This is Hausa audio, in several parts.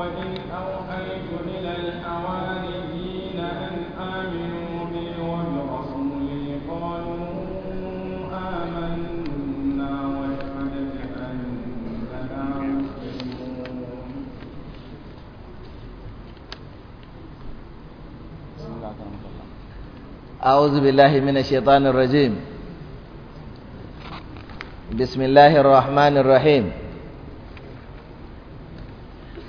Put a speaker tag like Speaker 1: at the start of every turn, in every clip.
Speaker 1: وإن أوحيت إلى الحواريين أن آمنوا بي وبرسولي قالوا آمنا واشهد بأننا
Speaker 2: مسلمون
Speaker 3: أعوذ بالله من الشيطان الرجيم بسم الله الرحمن الرحيم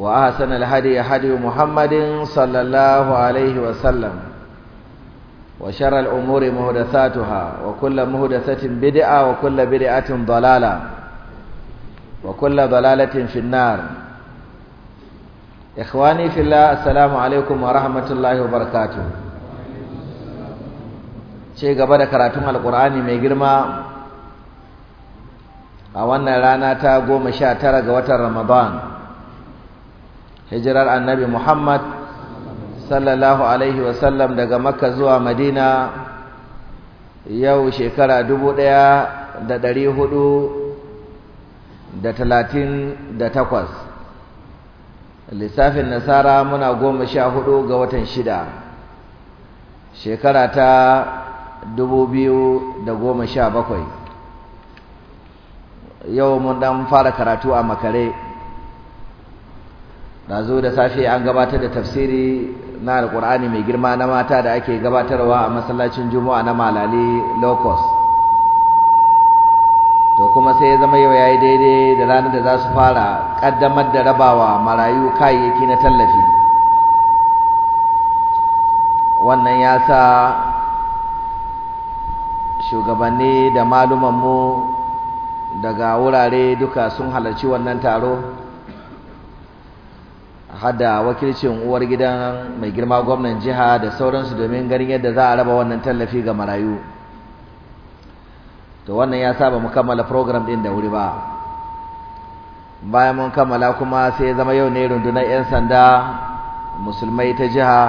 Speaker 3: وأحسن الهدي هدي محمد صلى الله عليه وسلم وشر الأمور مهدثاتها وكل مهدثة بدعة وكل بدعة ضلالة وكل ضلالة في النار إخواني في الله السلام عليكم ورحمة الله وبركاته شيء قبل كراتم القرآن ميجرما أولنا رانا تاقوم شاترق وتر رمضان Hijrar annabi Muhammad sallallahu alaihi wasallam daga Makka zuwa Madina yau shekara dubu ɗaya da takwas lissafin nasara muna goma sha hudu ga watan shida shekara ta dubu da goma sha bakwai yau mun ɗan fara karatu a makare Dazu da safe an gabatar da tafsiri na alkur'ani mai girma na mata da ake gabatarwa a masallacin juma'a na malali locust to kuma sai ya zama yau yayi daidai da ranar da za su fara ƙaddamar da rabawa marayu kayayyaki na tallafi wannan ya sa shugabanni da malumanmu daga wurare duka sun halarci wannan taro hada wakilcin uwar gidan mai girma gwamnan jiha da sauransu domin ganin yadda za a raba wannan tallafi ga marayu to wannan ya saba mu kammala program din da wuri ba bayan mun kammala kuma sai ya zama yau ne rundunar 'yan sanda musulmai ta jiha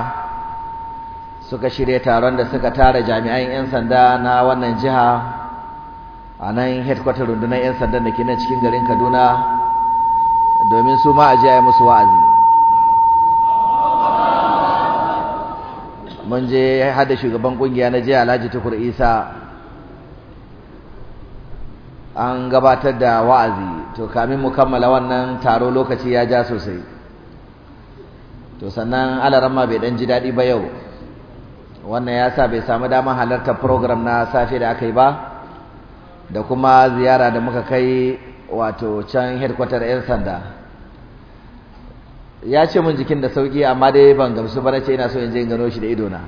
Speaker 3: suka shirya taron da suka tara jami'an 'yan sanda na wannan jiha a nan headquarter rundunar 'yan sanda da ke nan cikin garin kaduna domin su ma a ji a yi musu wa'azi mun je hada shugaban kungiya na jiya Alhaji Tukur Isa an gabatar da wa'azi to kamin mu kammala wannan taro lokaci ya ja sosai to sannan alarama bai dan ji daɗi ba yau wannan ya sa bai samu damar halartar program na safe da aka yi ba da kuma ziyara da muka kai wato can headquarter 'yan sanda ya ce mun jikin da sauki amma dai ban gamsu ba nace ina so in je in gano shi da ido na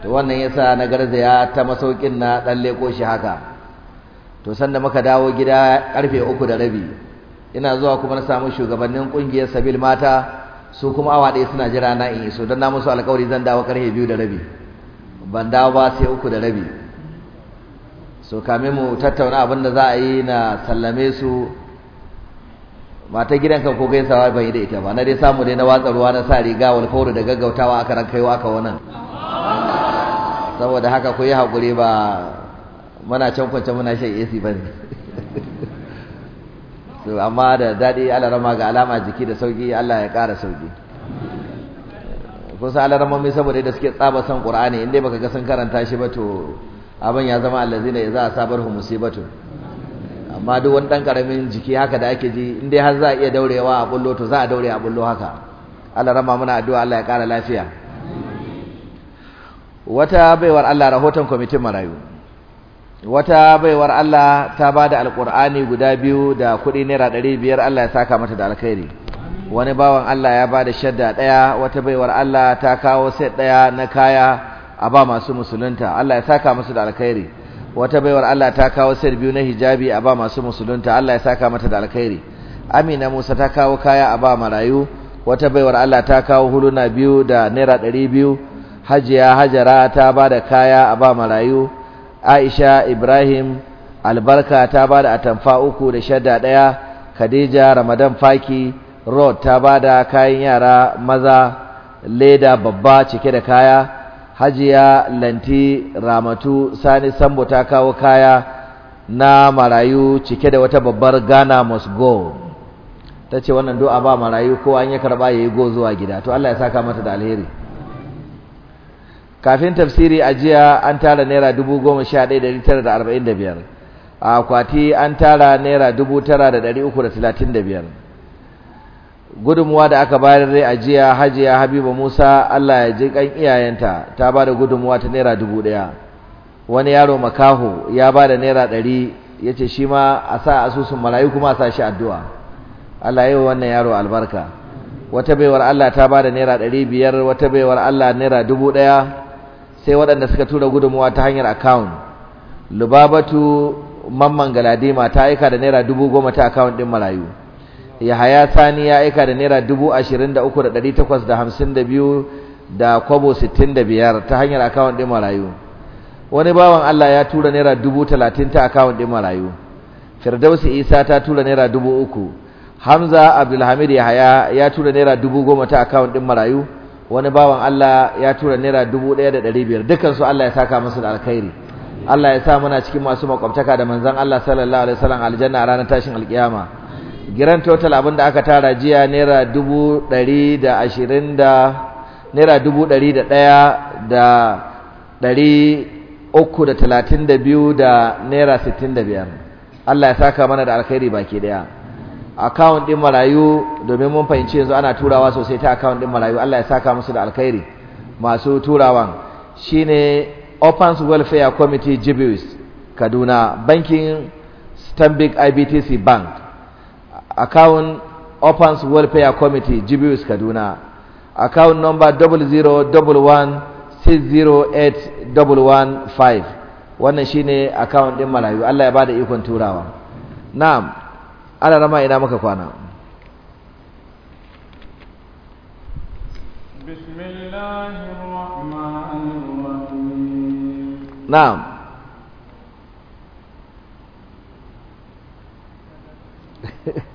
Speaker 3: to wannan yasa na garzaya ta masaukin na dan leko shi haka to sanda muka dawo gida karfe uku da rabi ina zuwa kuma na samu shugabannin kungiyar sabil mata su kuma awa ɗaya suna jira na in iso don na musu alkawari zan dawo karfe biyu da rabi ban dawo ba sai uku da rabi so kame mu tattauna abin da za a yi na sallame su mata gidanka ko gaisawa ban yi da ita ba na dai samu dai na watsa ruwa na sa riga wal fawru da gaggautawa aka ran kaiwa aka wannan saboda haka ku yi hakuri ba muna can kwance muna shan AC ba ne so amma da dadi Allah rama ga alama jiki da sauki Allah ya ƙara sauki kusa Allah rama mai saboda da suke tsaba san Qur'ani in dai baka ga sun karanta shi ba to abin ya zama allazina sabar hu musibatu amma duk wani ɗan ƙaramin jiki haka da ake ji in dai har za a iya daurewa a bullo to za a daure a bullo haka Allah rama muna addu'a Allah ya ƙara lafiya wata baiwar Allah rahoton kwamitin marayu wata baiwar Allah ta ba da alƙur'ani guda biyu da kuɗi naira ɗari biyar Allah ya saka mata da alkhairi wani bawan Allah ya ba da shadda ɗaya wata baiwar Allah ta kawo set ɗaya na kaya a ba masu musulunta Allah ya saka musu da alkhairi wata baiwar Allah ta kawo sayar biyu na hijabi a ba masu musulunta Allah ya saka mata da alkhairi Amina Musa ta kawo kaya a ba marayu wata baiwar Allah ta kawo huluna biyu da naira ɗari biyu Hajiya Hajara ta ba da kaya a ba marayu Aisha Ibrahim Albarka ta ba da atamfa uku da shadda ɗaya Khadija Ramadan Faki rod ta ba da kayan yara maza leda babba cike da kaya hajiya lanti ramatu sani sambo ta kawo kaya na marayu cike da wata babbar ghana must go ta ce wannan do'a ba marayu ko an yi karba ya yi go zuwa gida to Allah ya saka mata da alheri kafin tafsiri a jiya an tara naira dubu goma sha ɗaya da da arba'in da biyar a akwati an tara naira dubu tara da ɗari uku da talatin da biyar gudunmuwa da aka bayar dai a jiya hajiya habiba musa allah ya ji kan iyayenta ta ba da gudunmuwa ta naira dubu ɗaya wani yaro makaho ya ba da naira ɗari ya ce shi ma a sa asusun malayu kuma a sa shi addu'a allah yi wa wannan yaro albarka wata baiwar allah ta ba da naira ɗari biyar wata baiwar allah naira dubu ɗaya sai waɗanda suka tura gudunmuwa ta hanyar akawun lubabatu mamman galadima ta aika da naira dubu goma ta akawun ɗin marayu. Yahaya Sani ya aika da naira 23,852 da kwabo 65 ta hanyar akawun ɗin marayu wani bawan Allah ya tura naira 30,000 ta akawun ɗin marayu Firdausi Isa ta tura naira 3,000 Hamza Abdulhamid Yahaya ya tura naira 10,000 ta akawun ɗin marayu wani bawan Allah ya tura naira 1,500 dukkan su Allah ya saka musu da alkhairi Allah ya sa muna cikin masu makwabtaka da manzon Allah sallallahu alaihi wasallam aljanna a ranar tashin alkiyama giran total abin da aka tara jiya naira dubu ɗari da ashirin da naira dubu ɗari da ɗaya da ɗari uku da talatin da biyu da naira sittin da biyar Allah ya saka mana da alkhairi baki ɗaya akawun ɗin marayu domin mun fahimci yanzu ana turawa sosai ta akawun ɗin marayu Allah ya saka musu da alkhairi masu turawan shine Opens Welfare Committee jibis Kaduna bankin Stanbic IBTC Bank account opens welfare committee jibius kaduna account number 0011608115 wannan shine account din malayu Allah ya bada ikon turawa na'am ana rama ina maka kwana
Speaker 1: bismillahir rahmanir rahim na'am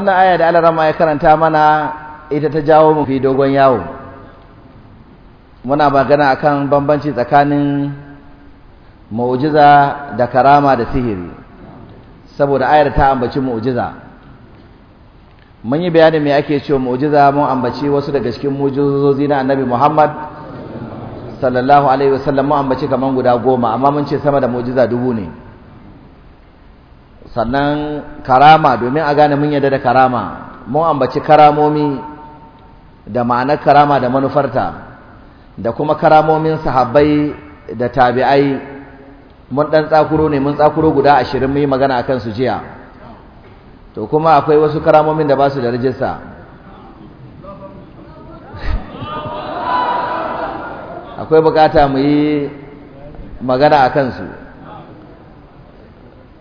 Speaker 3: wannan aya da alarama ya karanta mana ita ta jawo mu fi dogon yawo muna magana akan bambanci tsakanin mu'jiza da karama da sihiri saboda ayar ta ambaci mu'jiza mun yi bayanin me ake cewa mu'jiza mun ambaci wasu daga cikin mu'jizozi na annabi Muhammad sallallahu alaihi wasallam mun ambaci kaman guda goma amma mun ce sama da mu'jiza dubu ne sannan karama domin a gane mun yadda da karama mun ambaci karamomi da ma'anar karama da manufarta da kuma karamomin sahabbai da tabi'ai mun dan tsakuro ne mun tsakuro guda ashirin mun yi magana akan su jiya to kuma akwai wasu karamomin da ba su da rajista akwai bukata mu yi magana a kansu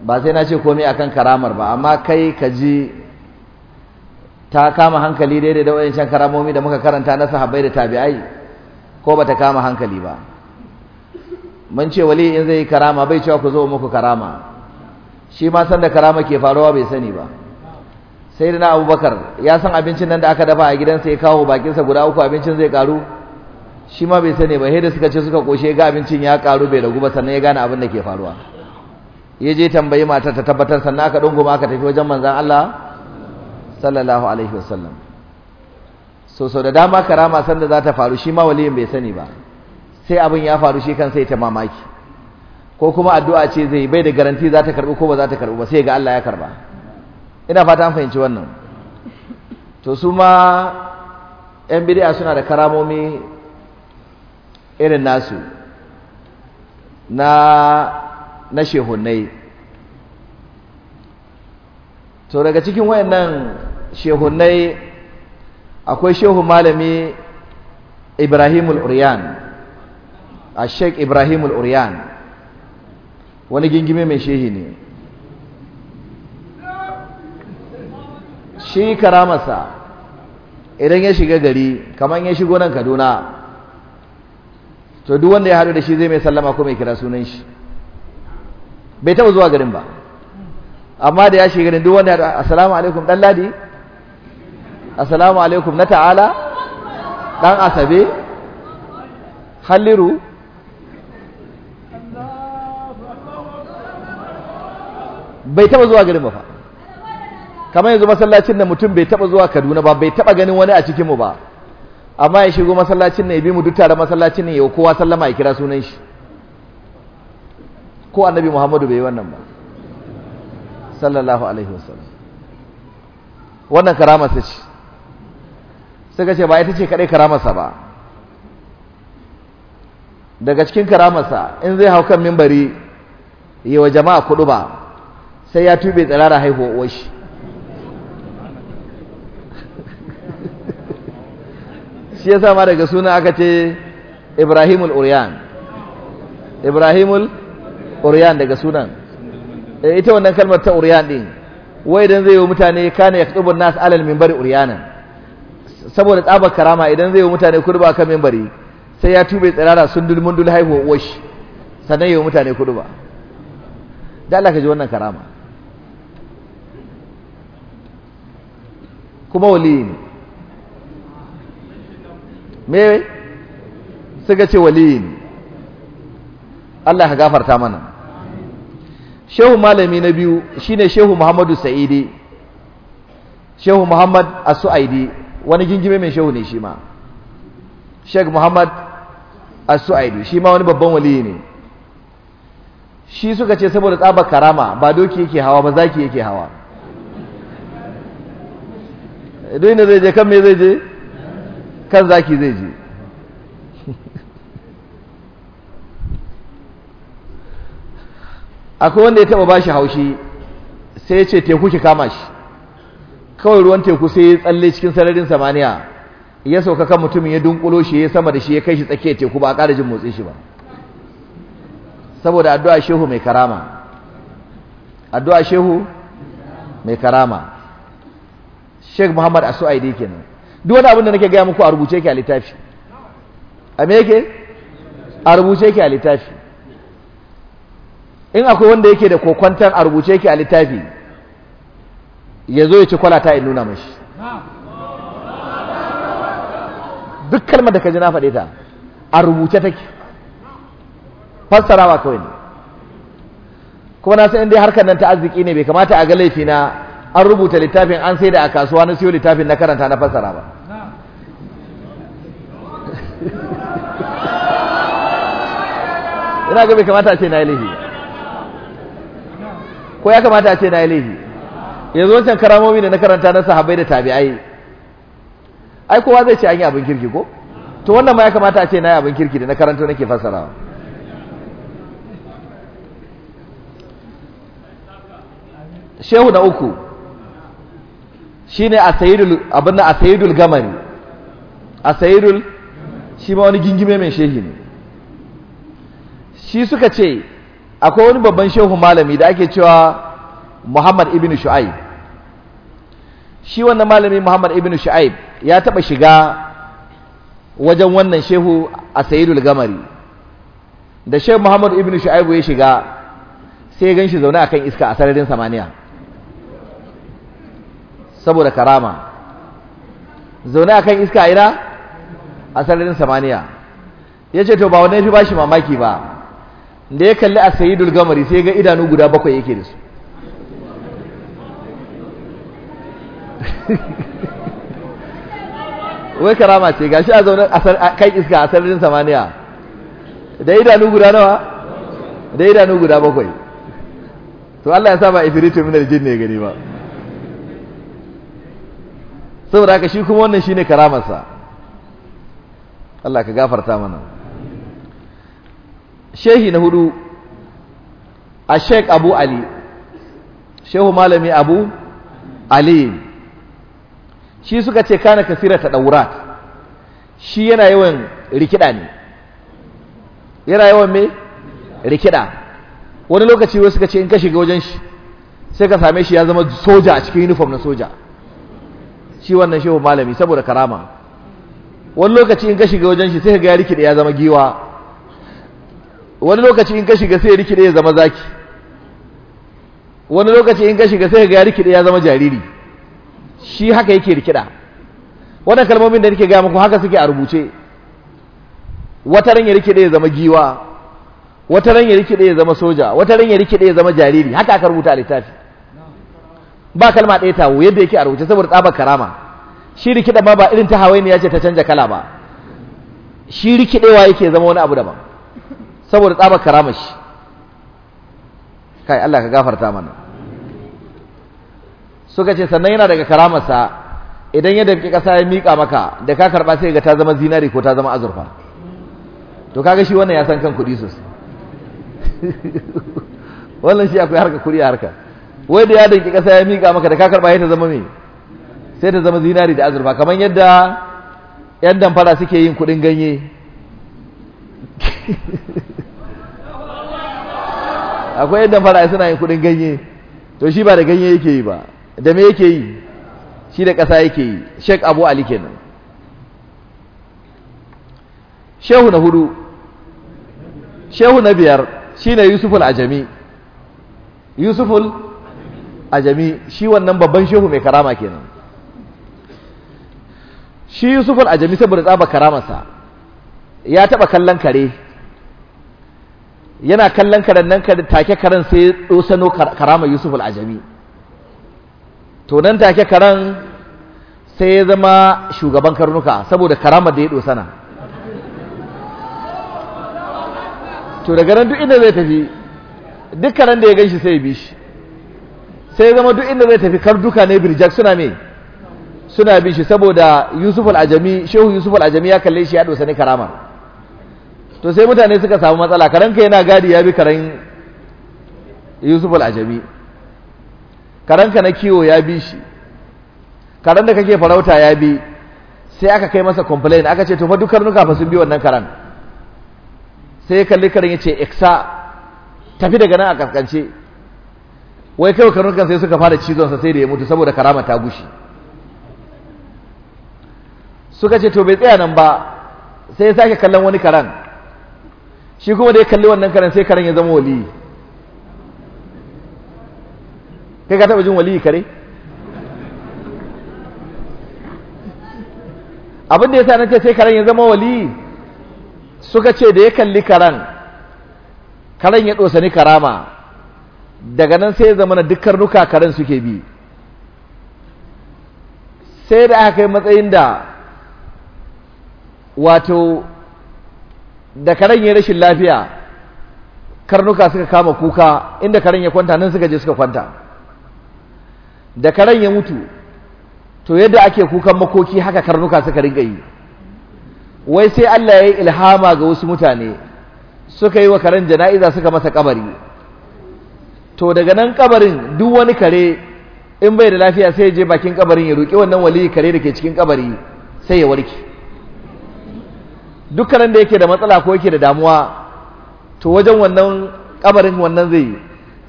Speaker 3: ba sai na ce komai akan karamar ba amma kai ka ji ta kama hankali daidai da wayancan karamomi da muka karanta na sahabbai da tabi'ai ko ba ta kama hankali ba mun ce wali in zai karama bai cewa ku zo muku karama shi ma san da karama ke faruwa bai sani ba sai na abubakar ya san abincin nan da aka dafa a gidansa ya kawo bakinsa guda uku abincin zai karu shi ma bai sani ba sai da suka ce suka koshe ga abincin ya karu bai ragu ba sannan ya gane abin da ke faruwa ya je tambayi matar ta tabbatar sannan aka ma aka tafi wajen manzan Allah sallallahu alaihi wasallam so so da dama karama sanda za ta faru shi ma waliyin bai sani ba sai abin ya faru shi kan sai ta mamaki ko kuma addu'a ce zai bai da garanti zata ta karbi ko ba za ta karbi ba sai ga Allah ya karba ina fata an fahimci wannan to su ma yan bid'a suna da karamomi irin nasu na na shehunai to daga cikin wayannan shehunai akwai shehu malami Ibrahim uryan a Sheikh Ibrahim uryan wani gingime mai shehi ne shi karamasa idan ya shiga gari kamar ya shigo nan Kaduna to duk wanda ya haɗu da shi zai mai sallama ko mai kira sunan shi bai taɓa zuwa garin ba amma da ya shi garin duk wanda assalamu alaikum dan ladi assalamu alaikum na ta'ala dan asabe halliru bai taɓa zuwa garin ba fa kamar yanzu masallacin da mutum bai taɓa zuwa kaduna ba bai taɓa ganin wani a cikinmu ba amma ya shigo masallacin ne ya bi mu duk tare masallacin ne ya kowa sallama ya kira sunan shi ko annabi Muhammadu bai yi wannan ba sallallahu alaihi wasallam wannan karamar ta ce suka ce ba ita ce kadai karamarsa ba daga cikin karamarsa in zai hau kan mimbari yi wa jama'a kudu ba sai ya tube tsirara haihuwar wa shi ya sama daga suna aka ce ibrahimul uriyan ibrahimul uriyan daga sunan eh, ita wannan kalmar ta uriyan din wai idan zai yi mutane kana yaktubun nas alal minbari uriyanan saboda tsabar karama idan zai yi mutane kurba kan minbari sai ya tube tsirara sundul mundul haihu wash sannan yi mutane kurba da Allah ka ji wannan karama kuma wali ne me suka ce wali ne Allah ka gafarta mana shehu malami na biyu shine shehu muhammadu sa'idi shehu muhammad as-su'aidi wani gingime mai shehu ne shi ma sheikh muhammad as-su'aidi shi ma wani babban wali ne shi suka ce saboda tsaba karama ba doki yake hawa ba zaki yake hawa Dai ne zai je kan me zai je kan zaki zai je akwai wanda ya taba bashi haushi sai ya ce teku ki kama shi kawai ruwan teku sai ya tsalle cikin sararin samaniya ya sauka kan mutumin ya dunkulo shi ya sama da shi ya kai shi tsakiyar teku ba a ƙara jin motsin shi ba saboda addu'a shehu mai karama addu'a shehu mai karama Sheikh Muhammad Asu'aidi kenan duk wani abin da nake gaya muku a rubuce ke a littafi a me yake a rubuce ke a littafi in akwai wanda yake da kokwantar a rubuce yake a littafi ya zo ya ci kwalata in nuna mashi duk kalmar da ka ji na faɗe ta a rubuce take fassarawa kawai ne kuma na san inda harkar nan ta arziki ne bai kamata a ga laifi na an rubuta littafin an sai da a kasuwa na siyo littafin na karanta na fassara ba ina ga bai kamata a ce na yi laifi ko ya kamata a ce na yi laifi yanzu wancan karamomi da na karanta na sahabbai da tabi'ai ai kowa zai ce an yi abin kirki ko to wannan ma ya kamata a ce na yi abin kirki da na karanta nake fassara. shehu na uku shine sayidul abin na sayidul gamari sayidul shi ma wani gingime mai shehi ne shi suka ce akwai wani babban shehu malami da ake cewa Muhammad ibn Shu'aib shi wannan malami Muhammad ibn Shu'aib ya taba shiga wajen wannan shehu a Sayyidul Gamari da shehu Muhammad ibn Shu'aib ya shiga sai gan shi zaune akan iska a sararin samaniya saboda karama zaune akan iska a ina a sararin samaniya yace to ba wani ya shi bashi mamaki ba da ya kalli a sayidul gamari sai ga idanu guda bakwai yake da su wai karama ce gashi a zaune a kan iska a sararin samaniya da idanu guda nawa da idanu guda bakwai to Allah ya sa ba ifiritu min aljin ne gani ba saboda haka shi kuma wannan shine karamarsa Allah ka gafarta mana shehi na hudu a shek abu ali shehu malami abu ali shi suka ce kana kasira ta daurat shi yana yawan rikida ne yana yawan me rikida wani lokaci wasu suka ce in ka shiga wajen shi sai ka same shi ya zama soja a cikin uniform na soja shi wannan shehu malami saboda karama wani lokaci in ka shiga wajen shi sai ka ga ya rikida ya zama giwa wani lokaci in ka shiga sai rikide ya zama zaki wani lokaci in ka shiga sai ga rikide ya zama jariri shi haka yake rikida wannan kalmomin da nake ga muku haka suke a rubuce wata ran ya rikide ya zama giwa wata ran ya rikide ya zama soja wata ran ya rikide ya zama jariri haka aka rubuta a littafi ba kalma ɗaya tawo yadda yake a rubuce saboda tsabar karama shi rikida ma ba irin ta ya ce ta canja kala ba shi rikidewa yake zama wani abu daban saboda tsaba karama shi kai Allah ka gafarta mana suka ce sannan yana daga karamarsa idan ya damƙi ƙasa ya miƙa maka da ka karɓa sai ga ta zama zinari ko ta zama azurfa to kaga shi wannan ya san kan kuɗi sosai wannan shi akwai harka kuɗi a harka wai da ya damƙi ƙasa ya miƙa maka da ka karɓa sai ta zama me sai ta zama zinari da azurfa kamar yadda yan damfara suke yin kuɗin ganye akwai yadda fara suna yin kudin ganye to shi ba da ganye yake yi ba da me yake yi shi da ƙasa yake yi Sheikh Abu Ali kenan Shehu na hudu Shehu na biyar shi ne Yusuful Ajami Yusuful Ajami shi wannan babban shehu mai karama kenan shi Yusuful Ajami saboda tsaba karamarsa ya taba kallon kare yana kallon ka nan ka take karen sai ya dosano karama Yusuf al-Ajami to nan take karen sai ya zama shugaban karnuka saboda karamar da ya dosana to daga nan duk inda zai tafi duk karen da ya ganshi sai ya bishi sai ya zama duk inda zai tafi kar duka ne birjak suna me suna bishi saboda Yusuf al-Ajami Shehu Yusuf al-Ajami ya kalle shi ya dosani karamar to sai mutane suka samu matsala karen karanka yana gadi ya bi karan yusuf al'ajabi karanka na kiwo ya bi shi karan da kake farauta ya bi sai aka kai masa complain aka ce to fa duk karnuka fa sun bi wannan karan sai kalli karan ce iksa tafi daga nan a kaskance wai kai karnukan sai suka fara cizon sa sai da ya mutu saboda karama ta gushi suka ce to bai tsaya nan ba sai ya sake kallon wani karen. shi kuma da ya kalli wannan karen sai karen ya zama wali. kai ka taba jin yi kare abin da ya sa na ce sai karen ya zama wali suka ce da ya kalli karen karen ya ni karama daga nan sai ya zama na duk karnuka karen suke bi sai da aka kai matsayin da wato da karen ya rashin lafiya karnuka suka kama kuka inda karen ya kwanta nan suka je suka kwanta da karen ya mutu to yadda ake kukan makoki haka karnuka suka riga yi wai sai Allah ya yi ilhama ga wasu mutane suka yi wa karen jana'iza suka masa kabari to daga nan kabarin duk wani kare in bai da lafiya sai ya je bakin kabarin ya roƙi wannan wali kare da ke cikin kabari sai ya warke dukkanin da yake da matsala ko yake da damuwa to wajen wannan kabarin wannan zai yi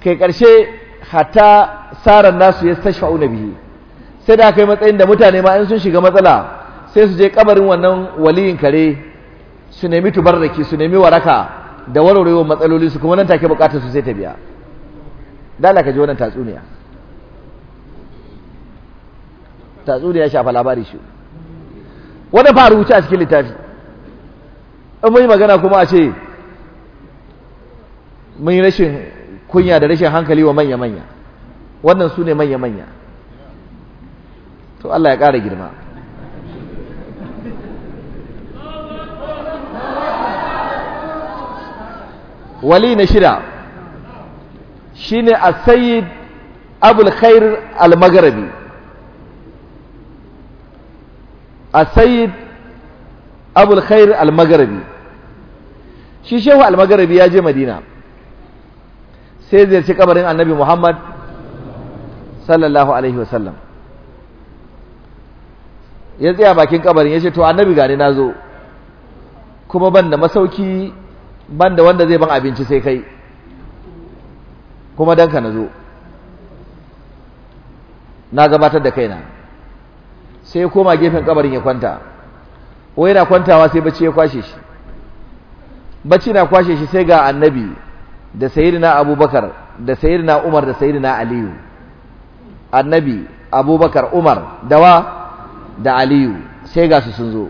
Speaker 3: kai ƙarshe hatta saran nasu ya tashfa'u na biyu sai da kai matsayin da mutane ma in sun shiga matsala sai su je kabarin wannan waliyin kare su nemi tubarraki su nemi waraka da warwarewar matsaloli su kuma nan take bukatar su sai ta biya dala ka ji wannan tatsuniya tatsuniya shafa labari shi Wannan fa wuce a cikin littafi in mun magana kuma a ce mun rashin kunya da rashin hankali wa manya-manya wannan su ne manya-manya to Allah ya ƙara girma wali na shida shi ne a sayid abulkhair al magharabi a sayid abu khair al shi shehu al ya je madina sai ziyarci kabarin annabi muhammad sallallahu alaihi wasallam ya tsaya bakin kabarin ya ce to annabi gani na zo kuma ban da masauki ban da wanda zai ban abinci sai kai kuma danka na zo na gabatar da kaina sai koma gefen kabarin ya kwanta Wai yana kwantawa sai bacci ya kwashe shi bacci na kwashe shi sai ga annabi da sayyidina abubakar da sayyidina umar da sayyidina aliyu annabi abubakar umar dawa da aliyu sai ga su sun zo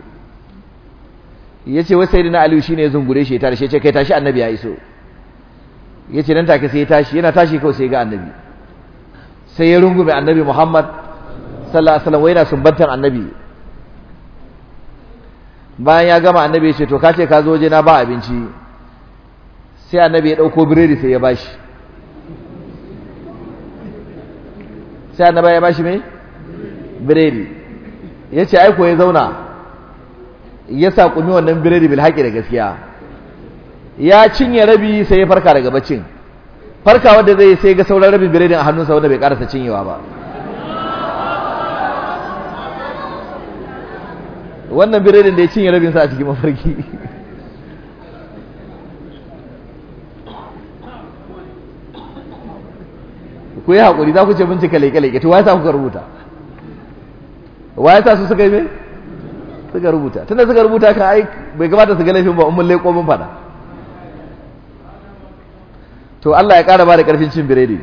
Speaker 3: ya ce wasu sayyidina aliyu shine ya zungure shi ya tashi ya ce kai tashi annabi ya iso ya ce nan take sai ya tashi yana tashi kawai sai ga annabi sai ya rungume annabi muhammad sallallahu alaihi wasallam yana sumbantar annabi bayan ya gama annabi ya ce to kace ka zo na ba abinci sai annabi ya dauko biredi sai ya bashi sai annabi ya bashi me biredi ya ce aiko ya zauna ya saƙumi wannan biredi bil haƙi da gaskiya ya cinye rabi sai ya farka daga baccin farkawa da zai sai ga sauran rabin biredin a hannunsa wanda bai karasa cinyewa ba wannan biredin da ya cinye rabin sa a cikin mafarki ku yi haƙuri za ku ce bincika leke-leke to waya sa kuka rubuta waya sa su suka yi suka rubuta tunda suka rubuta kan ai bai gabata su ga laifin ba umar laiko mun fada to Allah ya ƙara ba da ƙarfin cin biredi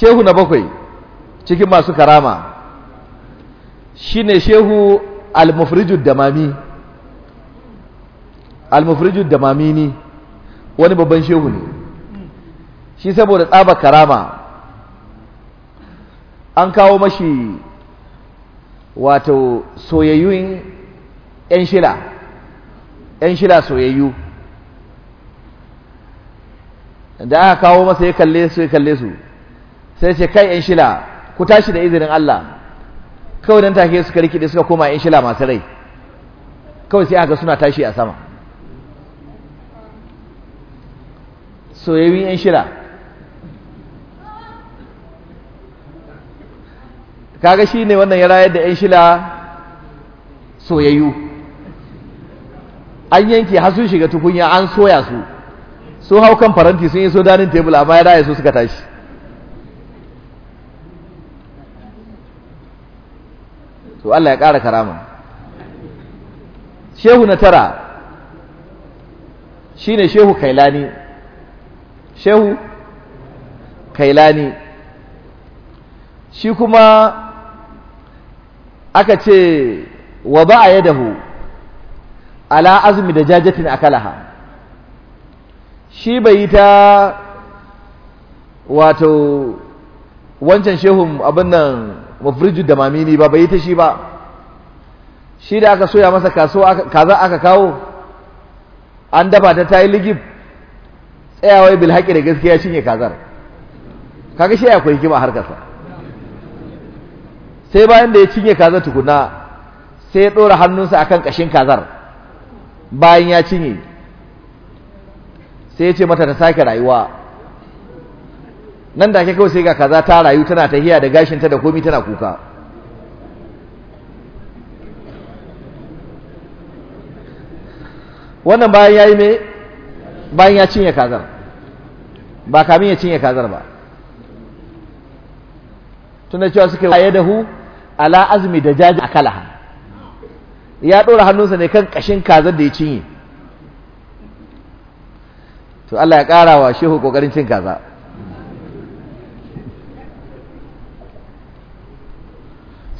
Speaker 3: shehu na bakwai cikin masu karama shi ne shehu al-mufrijud damami al-mufrijud damami ne wani babban shehu ne shi saboda tsaba karama an kawo mashi wato soyayyun 'yan shila 'yan shila soyayyu da aka kawo masa ya kalle su ya kalle su sai ce kai in shila ku tashi da izinin Allah kawai dan take suka rikide suka koma in shila masu rai kawai sai aka suna tashi a sama soyayyun in shila kaga shi ne wannan ya rayar da in shila soyayyu an yanke har sun shiga tukunya an soya su sun hau kan faranti sun yi so danin tebul amma ya raya su suka tashi to Allah ya ƙara karama shehu na tara shine shehu kailani shehu kailani shi kuma aka ce wa ba a yadahu ala azumi da jajatin kalaha. shi bai yi ta wato wancan shehun abin nan mafirji da mamini ba bai ta shi ba shi da aka soya masa kaza aka kawo an dafa ta ta yi ligib tsayawai bil da gaskiya ne kazar kaga shi akwai hikima harkarsa sai bayan da ya cinye kazar tukuna sai ya ɗora hannunsa akan ƙashin kazar bayan ya cinye sai ya ce mata ta sake rayuwa nan da ke kawai sai ga kaza ta rayu tana tahiya da gashinta da komi tana kuka wannan bayan ya yi bayan ya cinye kazar ba kamin ya cinye kazar ba tunda cewa suka ya dahu ala azumi da jaji a kalaha ya ɗora hannunsa ne kan ƙashin kazar da ya cinye to Allah ya ƙara wa shehu ƙoƙarin cin kaza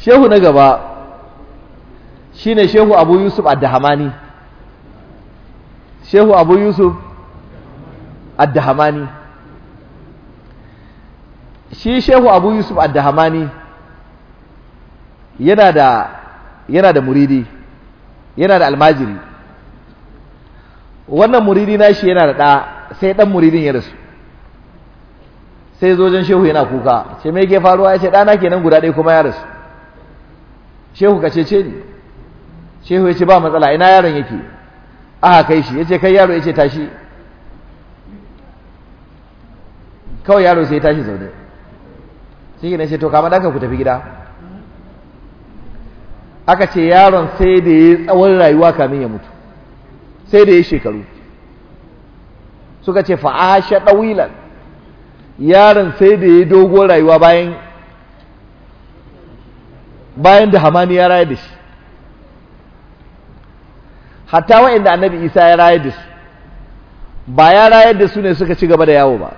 Speaker 3: shehu na gaba shine shehu abu yusuf addahamani shehu abu yusuf addahamani shi shehu abu yusuf addahamani yana da yana da muridi yana da almajiri wannan muridi na shi yana da ɗa sai ɗan muridin ya rasu sai zojen shehu yana kuka ce mai ke faruwa ya ce ɗana kenan guda ɗaya kuma ya rasu shehu ka cece ni shehu ya ce ba matsala ina yaron yake aha kai shi ya ce kai yaro ya ce tashi kawai yaro sai ya tashi zaune shi gina ce to kama danka ku tafi gida aka ce yaron sai da ya tsawon rayuwa kamin ya mutu sai da ya shekaru suka ce fa'asha ɗawilan yaron sai da ya dogon rayuwa bayan bayan da hamani ya raya da shi hatta wa'inda annabi isa ya raya da su ba ya raye da su ne suka ci gaba da yawo ba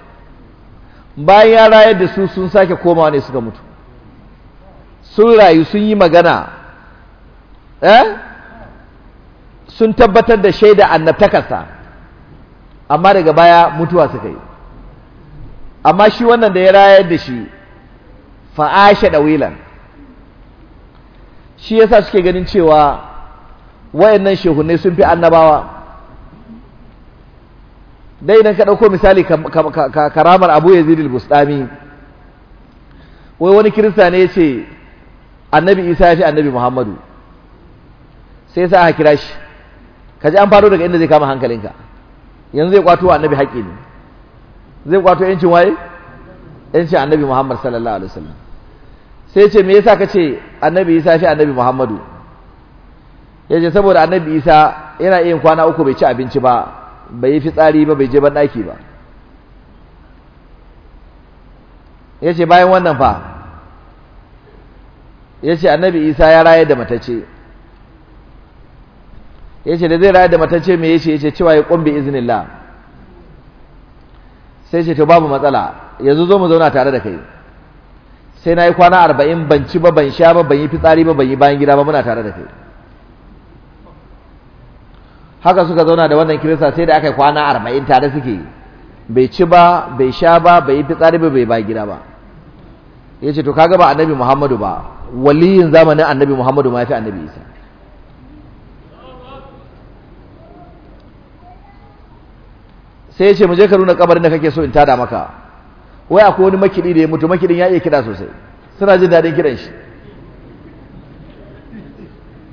Speaker 3: bayan ya rayar da su sun sake komawa ne suka mutu sun rayu sun yi magana eh sun tabbatar da shaida annabtakarsa amma daga baya mutuwa suka yi amma shi wannan da ya rayar da shi fa'asha ɗawilan. shi yasa suke ganin cewa wayannan shehunai sun fi annabawa dai idan ka ɗauko misali karamar abu ya al bustami wai wani kirista ne ya ce annabi isa ya fi annabi muhammadu sai sa aka kira shi kaji an faro daga inda zai kama hankalinka yanzu zai kwato annabi haƙƙi ne zai kwato yancin waye yancin annabi muhammad sallallahu alaihi wasallam sai ce me yasa kace annabi isa shi annabi muhammadu yace saboda annabi isa yana yin kwana uku bai ci abinci ba bai yi fitsari ba bai je ban daki ba yace bayan wannan fa yace annabi isa ya raye da matace yace da zai raye da matace me yace yace cewa ya kumbi iznillah sai ce to babu matsala yanzu zo mu zauna tare da kai sai na yi kwana arba'in ban ci ba ban sha ba ban yi fitsari ba ban yi bayan gida ba muna tare da kai haka suka zauna da wannan kirista sai da aka yi kwana arba'in tare suke bai ci ba bai sha ba bai yi fitsari ba bai bayan gida ba ya ce to kaga ba annabi muhammadu ba waliyin zamanin annabi muhammadu ma ya fi annabi isa sai ya ce mu je ka nuna kabarin da kake so in tada maka wai akwai wani makiɗi da ya mutu makiɗin ya iya kiɗa sosai suna jin daɗin kiɗan shi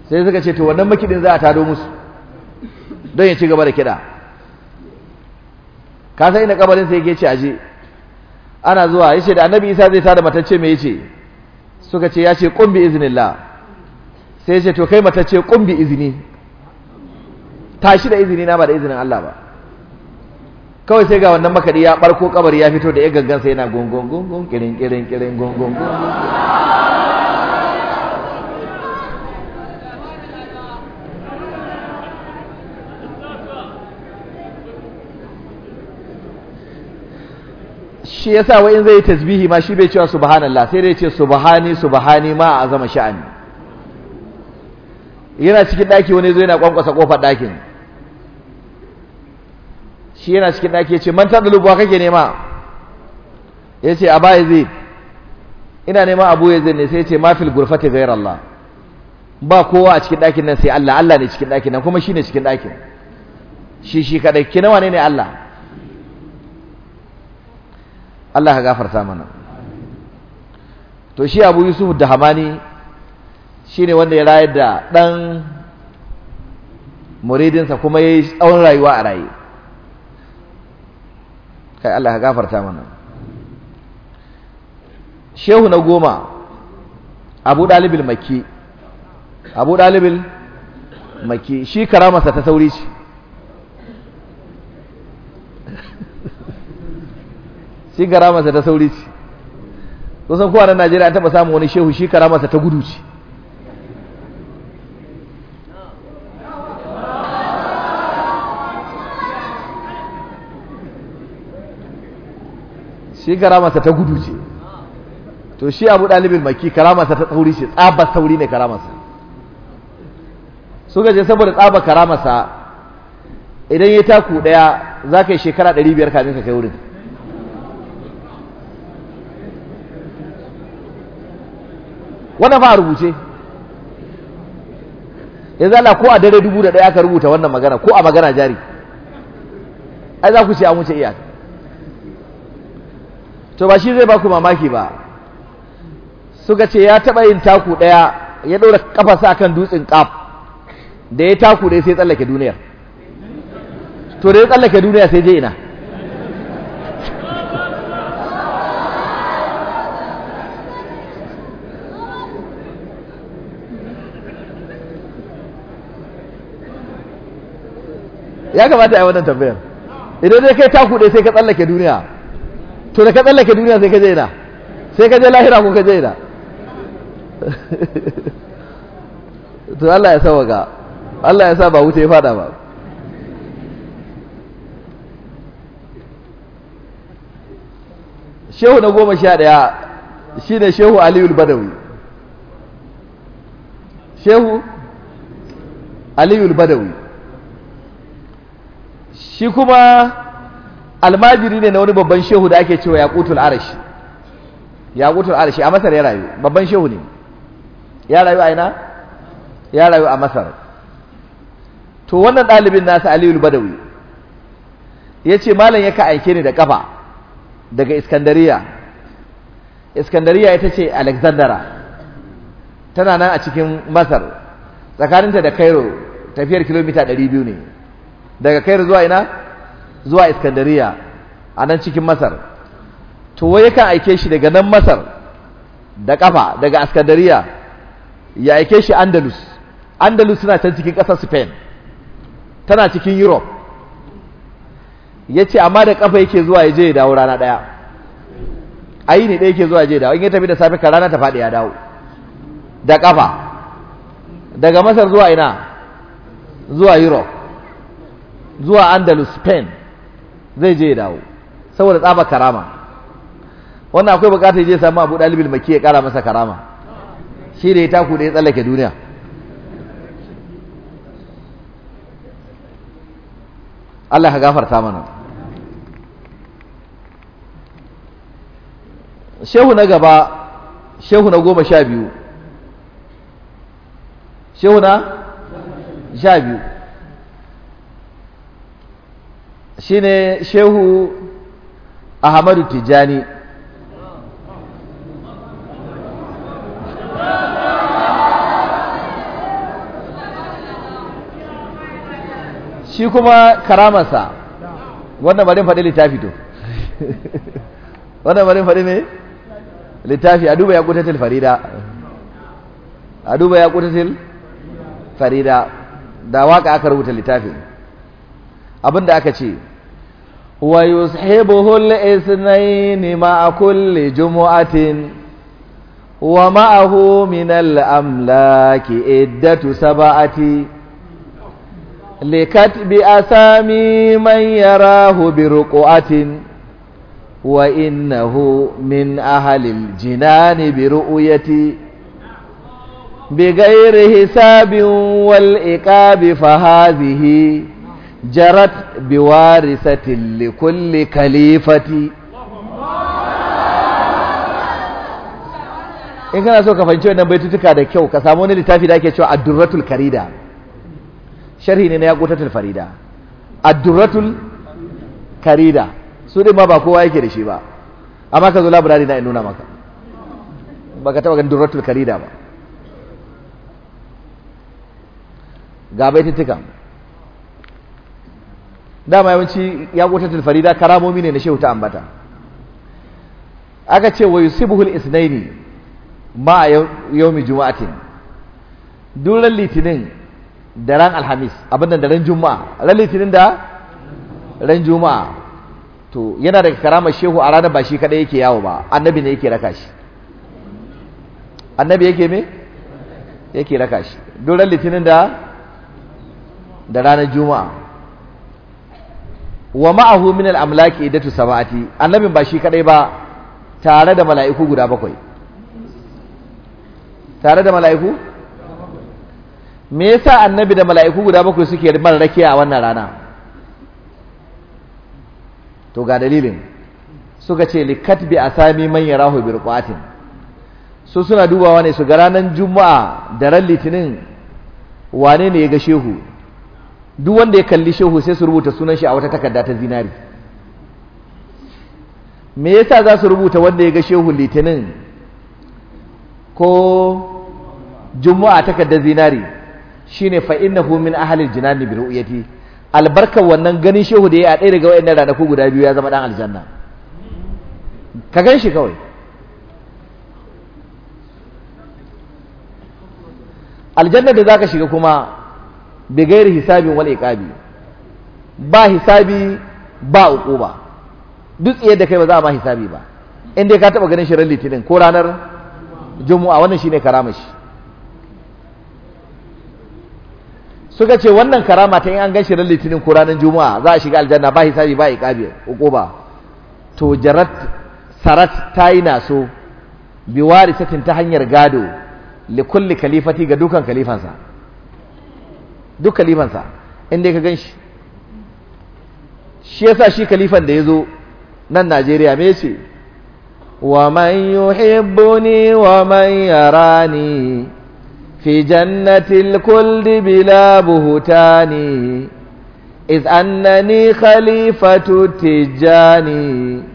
Speaker 3: sai suka ce to wannan makiɗin za a tado musu don ya ci gaba da kiɗa ka san inda kabarin sai yake ce aje ana zuwa yace da annabi isa zai tada matacce mai yace suka ce ya ce qum bi la sai yace to kai matacce qum bi izini tashi da izini na ba da izinin Allah ba kawai sai ga wannan makari ya barko kabari ya fito da ya gangansa yana gungungungun kirin kirin kirin gungun shi ya wa in zai tasbihi ma shi bai cewa subhanallah sai dai ce subhani subhani ma a zama sha'ani yana cikin daki wani zai na kwankwasa kofar dakin shi yana cikin ɗaki ya ce man da lubuwa kake nema ya ce a baya zai ina nema abu ya zai ne sai ya ce mafil gurfati gairar Allah ba kowa a cikin ɗakin nan sai Allah Allah ne cikin ɗakin nan kuma shi ne cikin ɗakin shi shi kaɗa ki nawa ne Allah Allah ka gafarta mana to shi abu yusuf da hamani shi ne wanda ya rayar da ɗan muridinsa kuma ya yi tsawon rayuwa a raye kai Allah ya gafarta mana shehu na goma abu dalibil maki abu dalibil maki shi karamarsa ta sauri ce shi karamarsa ta sauri ce kusan kowa na najeriya an taɓa samun wani shehu shi karamarsa ta gudu ce shi karamarsa ta gudu ce to shi abu ɗalibin maki karamarsa ta tsauri ce tsaba sauri ne karamarsa suka je saboda karama karamarsa idan ya taku ɗaya za ka yi shekara ɗari biyar kamin ka kai wurin wannan fa a rubuce ya zala ko a dare dubu da ɗaya aka rubuta wannan magana ko a magana jari ai za ku ce an wuce iyaka to ba shi zai ba ku mamaki ba suka ce ya taɓa yin taku ɗaya ya ɗora sa akan dutsen ƙaf da ya taku ɗaya sai tsallake duniyar to da ya tsallake duniya sai je ina ya kamata a yi wannan tambayar idan zai kai taku ɗaya sai ka tsallake duniya to da ka tsallake duniya sai ka je ina sai ka je lahira ko ka je ina to Allah ya sawa ga Allah ya sa ba wuce ya fada ba shehu na goma sha ɗaya shi ne shehu aliyu badawi shehu aliyu badawi shi kuma almajiri ne na wani babban shehu da ake cewa yaqutul arash yaqutul arash a masar ya rayu babban shehu ne ya rayu a ina ya rayu a masar to wannan ɗalibin nasa aliyu badawi ya ce malam ya ka aike ni da kafa daga iskandariya iskandariya ita ce alexandara tana nan a cikin masar tsakaninta da cairo tafiyar kilomita 200 ne daga cairo zuwa ina zuwa iskandariya a nan cikin masar to wai yakan aike shi daga nan masar da kafa daga iskandariya ya aike shi andalus andalus suna can cikin kasar spain tana cikin europe ya ce amma da kafa yake zuwa ya je ya dawo rana ɗaya ayi ne ɗaya yake zuwa ya je ya dawo in ya tafi da safe ka rana ta faɗi ya dawo da kafa daga masar zuwa ina zuwa europe zuwa andalus spain zai je ya dawo saboda tsaba karama wannan akwai bukatar ya je samu Abu Dalib al-Makki ya kara masa karama shi da ya taku da ya tsallake duniya Allah ka gafarta mana shehu na gaba shehu na goma sha biyu shehu na sha biyu Shi ne shehu ahmadu tijani shi kuma karamarsa wannan barin faɗi littafi to wannan barin faɗi ne littafi a duba ya kutatil farida a duba ya kutatil farida da waka aka rubuta littafi. da aka ce wa yushibuhu al ma kulli jumu'atin wa ma'ahu min al-amlaki iddatu sab'ati likatbi asami man yarahu bi ruqatin wa innahu min ahli al-jinani bi ru'yati بغير حساب والإقاب فهذه jarat بوارثة likulli kalifati in kana so ka fahimci wannan tutuka da kyau ka samu wani littafi da ake cewa addurratul karida sharhi ne na yaqutatul farida addurratul karida su dai ma ba kowa yake da shi ba amma ka zo labrari na in nuna maka baka taba ganin durratul karida ba ga baitutukan dama yawanci ya gotatul farida karamomi ne na shehu ta ambata aka ce wa yusibuhul isnaini ma yawmi juma'atin duran litinin da ran alhamis abinda da ran juma'a ran litinin da ran juma'a to yana daga karamar shehu a ranar ba shi kadai yake yawo ba annabi ne yake raka shi annabi yake me yake raka shi duran litinin da da ranar juma'a wa ma'ahu min al-amlaki idatu sab'ati annabin ba shi kadai ba tare da mala'iku guda bakwai tare da mala'iku me yasa annabi da mala'iku guda bakwai suke mara rakiya a wannan rana to ga dalilin suka ce katbi asami man yarahu bi ruqatin su suna dubawa ne su ga ranar juma'a da ran litinin wane ne ya ga shehu duk wanda ya kalli shehu sai su rubuta sunan shi a wata takarda ta zinari me yasa za su rubuta wanda ya ga shehu litinin ko juma'a takardar zinari shine fa innahu min ahli jinani bi ru'yati albarkar wannan ganin shehu da ya a ɗaya daga wayannan ranaku guda biyu ya zama dan aljanna ka gan shi kawai aljanna da zaka shiga kuma bi gairi hisabin wal iqabi ba hisabi ba uquba duk tsiyar da kai ba za a ma hisabi ba in dai ka taba ganin shi ran litinin ko ranar juma'a wannan shine karama shi suka ce wannan karama ta in an gan ran litinin ko ranar juma'a za a shiga aljanna ba hisabi ba iqabi uquba to jarat sarat ta tayi naso satin ta hanyar gado likulli kalifati ga dukan kalifansa duk kalifansa inda ka gan shi shi yasa shi kalifan da ya zo nan najeriya me ce wa man yuhibbuni wa man yarani fi jannatin Kuldibila buhutani iz annani khalifatu tijani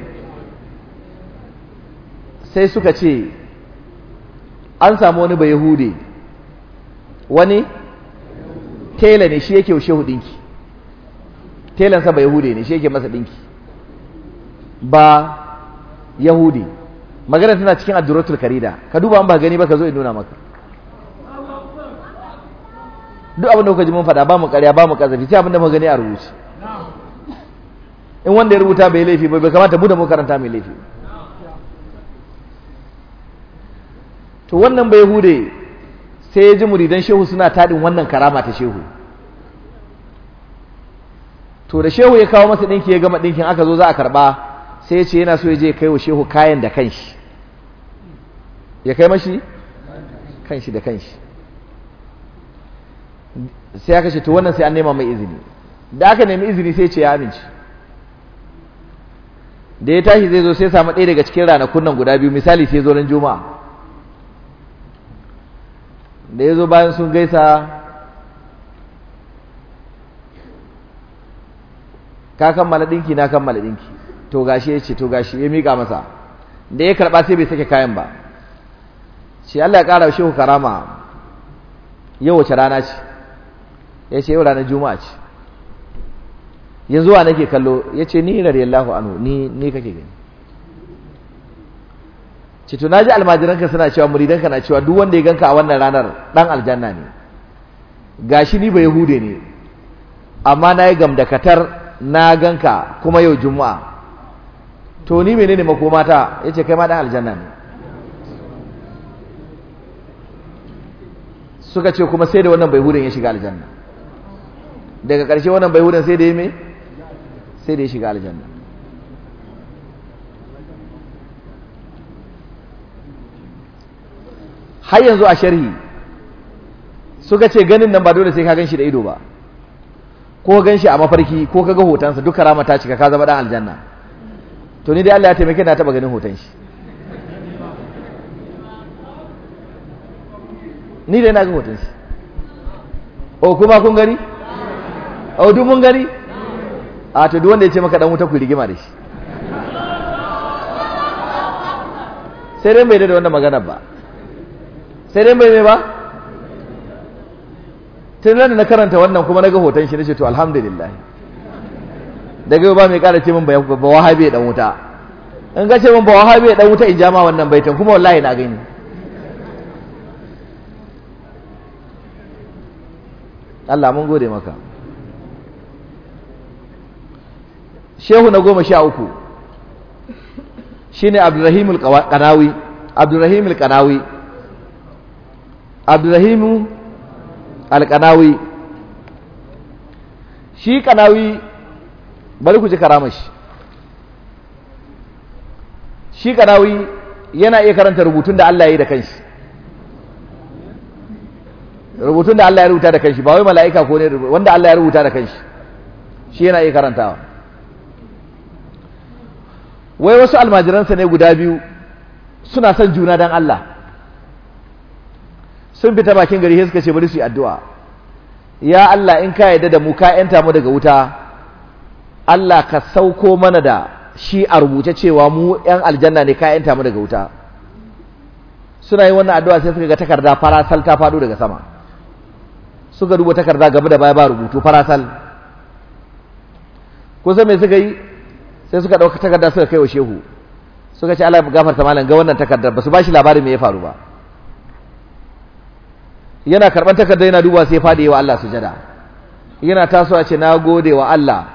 Speaker 3: sai suka ce an samu wani bayahude wani tela ne shi yake ushe dinki telansa ba yahude ne shi yake masa dinki ba yahudi magana tana cikin adduratul karida ka duba an ba gani ba ka zo in nuna maka duk abin da kuka ji mun faɗa ba mu ƙarya ba mu ƙazafi sai abin da muka gani a rubuce in wanda ya rubuta bai laifi ba bai kamata bude da mu karanta mai laifi ba to wannan bai hude sai ya ji muridan shehu suna taɗin wannan karama ta shehu to da shehu ya kawo masa ɗinki ya gama ɗinkin aka zo za a karɓa sai ya ce yana so ya je kai wa shehu kayan da kanshi ya kai mashi kanshi da kanshi sai aka ce to wannan sai an nema mai izini da aka nemi izini sai ce ya amince da ya tashi zai zo sai samu ɗaya daga cikin ranakun nan guda biyu misali sai zo ran juma'a da ya zo bayan sun gaisa ka kammala ɗinki na kammala ɗinki to gashi ya ce to gashi ya miƙa masa da ya karɓa sai bai sake kayan ba ce Allah ya ƙara shehu karama yau wace rana ce ya ce yau ranar juma'a ce yanzu wa nake kallo ya ce ni rariyar anhu ni ni kake gani ce to naji almajiranka suna cewa muridanka na cewa duk wanda ya ganka a wannan ranar dan aljanna ne gashi ni ba yahude ne amma na yi gamdakatar na ganka kuma yau juma'a to ni menene ta yace kai ma dan aljanna ne suka ce kuma sai da wannan bai hudan ya shiga aljanna daga karshe wannan baihudin sai da ya me sai da ya shiga aljanna har yanzu a sharhi suka ce ganin nan ba dole sai ka gan shi da ido ba ko gan shi a mafarki ko ka ga hotonsa duk karama ta cika ka zama dan aljanna to ni dai Allah ya taimake na taba ganin hoton shi ni dai na ga hoton shi o kuma kun gani o duk mun gani a to duk wanda ya ce maka dan wuta ku rigima da shi sai dai bai da wannan magana ba sai dai mai mai ba tun da na karanta wannan kuma na ga hoton shi nace to alhamdulillah daga yau ba mai kara ce min ba wahabi dan wuta in ga ce min ba wahabi dan wuta in jama wannan baitin kuma wallahi na gani Allah mun gode maka shehu na goma sha uku shine abdurrahim al-qanawi al-qanawi abdurrahimu alƙanawi shi ƙanawi bari ku ji karamashi shi ƙanawi yana iya karanta rubutun da Allah ya yi da kanshi rubutun da Allah ya rubuta da kanshi ba wai mala'ika ko ne wanda Allah ya rubuta da kanshi shi yana iya karantawa wai wasu almajiransa ne guda biyu suna son juna don Allah sun fita bakin gari sai suka ce bari su yi addu'a ya Allah in ka yadda da mu ka yanta mu daga wuta Allah ka sauko mana da shi a rubuce cewa mu ‘yan aljanna ne ka yanta mu daga wuta suna yi wannan addu'a sai suka ga takarda farasal ta faɗo daga sama suka duba takarda gaba da baya ba rubutu farasal kusa mai suka yi sai suka ɗauka takarda suka kai wa shehu suka ce Allah gafarta malam ga wannan takardar ba su ba shi labarin me ya faru ba yana karban takarda yana duba sai faɗi wa Allah sujada yana taso a ce na gode wa Allah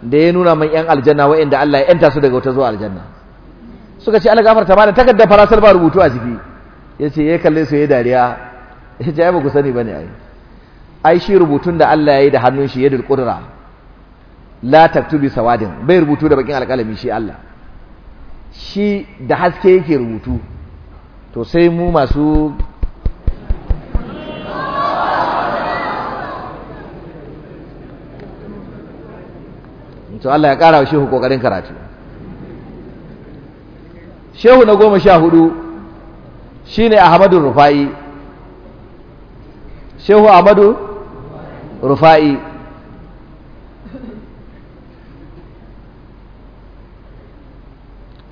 Speaker 3: da ya nuna min yan aljanna inda Allah ya yanta su daga wata zuwa aljanna suka ce Allah gafarta mana takarda farasal ba rubutu a ciki yace ya kalle su ya dariya yace ai ba ku sani bane ai ai shi rubutun da Allah ya yi da hannun shi yadul qudra la taktubi sawadin bai rubutu da bakin alƙalami shi Allah shi da haske yake rubutu to sai mu masu to Allah ya ƙara wa shehu ƙoƙarin karatu shehu na goma sha hudu shi ne ahmadu rufa'i shehu ahmadu rufa'i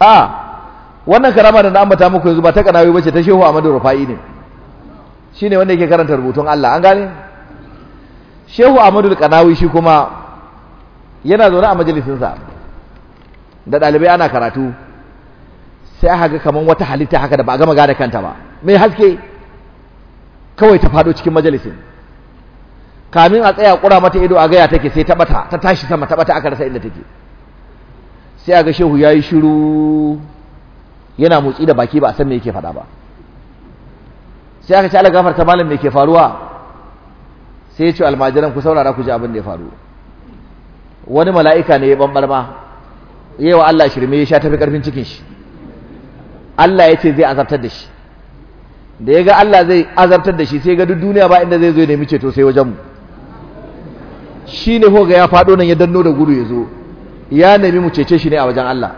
Speaker 3: a wannan karama da na ambata muku yanzu ba ta kanawi bace ta shehu ahmadu rufa'i ne shi ne wanda yake karanta rubutun Allah an gane shehu ahmadu kanawi shi kuma yana zaune a majalisinsa da ɗalibai ana karatu sai a haka kamar wata halitta haka da ba a gama gane kanta ba mai haske kawai ta fado cikin majalisin kamin a tsaya ƙura mata ido a gaya take sai ta ɓata ta tashi sama ta aka rasa inda take sai a ga shehu ya yi shiru yana motsi da baki ba a san me yake faɗa ba sai aka ci ala gafarta malam me ke faruwa sai ya ce almajiran ku saurara ku ji abin da ya faru wani mala'ika ne ya bambar ma yawa Allah shirme ya sha tafi ƙarfin cikin shi Allah ya ce zai azabtar da shi da ya ga Allah zai azabtar da shi sai ga duk duniya ba inda zai zo ya nemi ceto sai wajen mu shi ne ko ga ya faɗo nan ya danno da gudu ya zo ya nemi mu cece shi ne a wajen Allah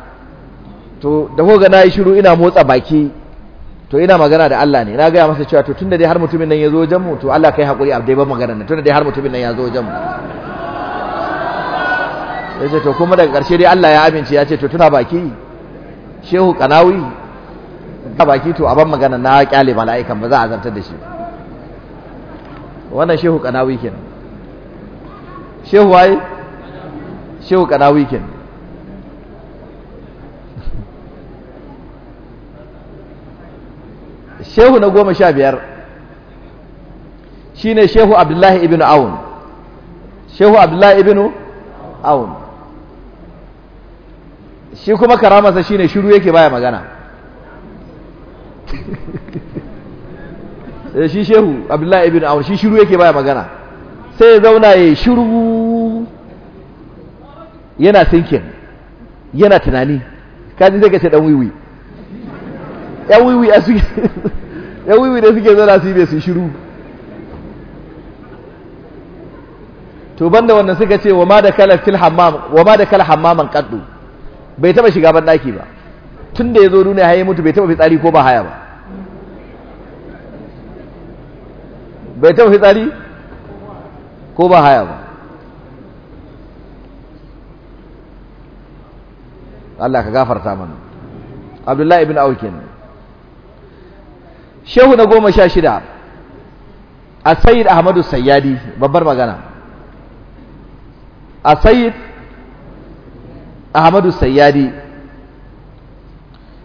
Speaker 3: to da ko ga na yi shiru ina motsa baki to ina magana da Allah ne na gaya masa cewa to da dai har mutumin nan ya zo wajen mu to Allah kai hakuri a dai ba magana ne da dai har mutumin nan ya zo wajen mu ya ce to kuma daga ƙarshe dai Allah ya amince ya ce to tuna baki shehu kanawi ta baki to aban magana na kyale mala'ikan ba za a zartar da shi wannan shehu kanawi kenan shehu wai shehu kanawi kenan shehu na goma sha biyar shine shehu abdullahi ibn aun shehu abdullahi ibn aun shi kuma karamarsa shine shiru yake baya magana eh, shi shehu abdullahi ibn awar shi shiru yake baya magana sai ya zauna ya shiru yana sinkin yana tunani kaji zai kace dan wiwi yan wiwi a suke yan wiwi da suke zana su yi bai su shiru to banda wannan suka ce wa ma da kala fil hammam wa ma da hammaman qaddu bai taba shiga ban daki ba tun da ya zo duniya haye mutu bai taba fitsari ko ba haya ba bai taba fitsari ko ba haya ba Allah ka gafarta mana Abdullahi ibn Aukin Shehu na goma sha shida a Sayyid Ahmadu Sayyadi babbar magana a Sayyid ahmadu sayyadi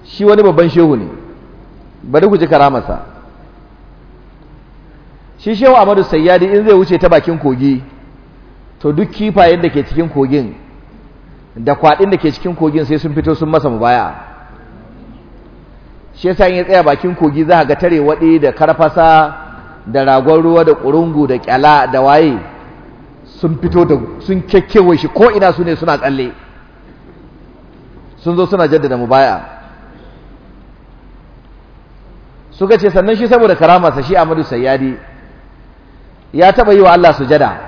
Speaker 3: shi wani babban shehu ne bari ku ji karamarsa shi shehu ahmadu sayyadi in zai wuce ta bakin kogi to duk kifayen da ke cikin kogin da kwaɗin da ke cikin kogin sai sun fito sun masa mubaya shi yasa in ya tsaya bakin kogi za ga tare waɗe da karfasa da ragon ruwa da ƙurungu da kyala da waye sun fito da sun kekkewa shi ko ina su ne suna tsalle sun zo suna jaddada mubaya suka ce sannan shi saboda karamarsa shi Ahmadu Sayyadi ya taba yi wa Allah sujada